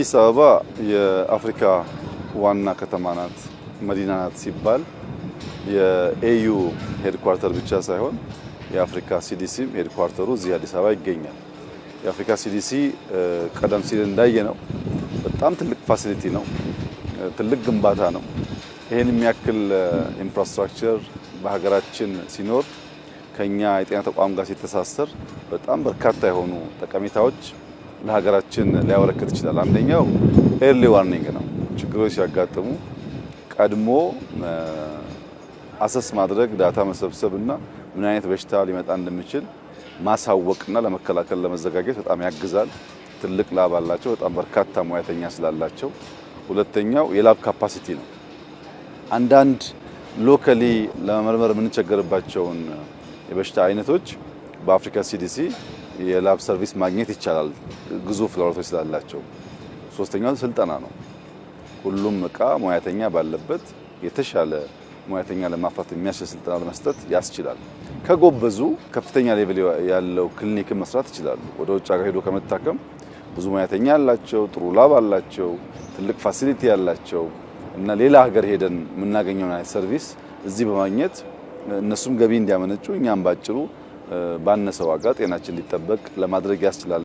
አዲስ አበባ የአፍሪካ ዋና ከተማ ናት፣ መዲና ናት ሲባል የኤዩ ሄድኳርተር ብቻ ሳይሆን የአፍሪካ ሲዲሲም ሄድኳርተሩ እዚህ አዲስ አበባ ይገኛል። የአፍሪካ ሲዲሲ ቀደም ሲል እንዳየ ነው በጣም ትልቅ ፋሲሊቲ ነው፣ ትልቅ ግንባታ ነው። ይህን የሚያክል ኢንፍራስትራክቸር በሀገራችን ሲኖር ከኛ የጤና ተቋም ጋር ሲተሳሰር በጣም በርካታ የሆኑ ጠቀሜታዎች ለሀገራችን ሊያበረክት ይችላል። አንደኛው ኤርሊ ዋርኒንግ ነው። ችግሮች ሲያጋጥሙ ቀድሞ አሰስ ማድረግ፣ ዳታ መሰብሰብ እና ምን አይነት በሽታ ሊመጣ እንደሚችል ማሳወቅና ለመከላከል ለመዘጋጀት በጣም ያግዛል። ትልቅ ላብ አላቸው፣ በጣም በርካታ ሙያተኛ ስላላቸው። ሁለተኛው የላብ ካፓሲቲ ነው። አንዳንድ ሎከሊ ለመመርመር የምንቸገርባቸውን የበሽታ አይነቶች በአፍሪካ ሲዲሲ የላብ ሰርቪስ ማግኘት ይቻላል፣ ግዙፍ ላብራቶች ስላላቸው። ሶስተኛው ስልጠና ነው። ሁሉም እቃ ሙያተኛ ባለበት የተሻለ ሙያተኛ ለማፍራት የሚያስችል ስልጠና ለመስጠት ያስችላል። ከጎበዙ ከፍተኛ ሌቭል ያለው ክሊኒክ መስራት ይችላሉ። ወደ ውጭ ሀገር ሄዶ ከመታከም ብዙ ሙያተኛ ያላቸው፣ ጥሩ ላብ አላቸው፣ ትልቅ ፋሲሊቲ ያላቸው እና ሌላ ሀገር ሄደን የምናገኘውን አይነት ሰርቪስ እዚህ በማግኘት እነሱም ገቢ እንዲያመነጩ እኛም ባጭሩ ባነሰ ዋጋ ጤናችን እንዲጠበቅ ለማድረግ ያስችላል።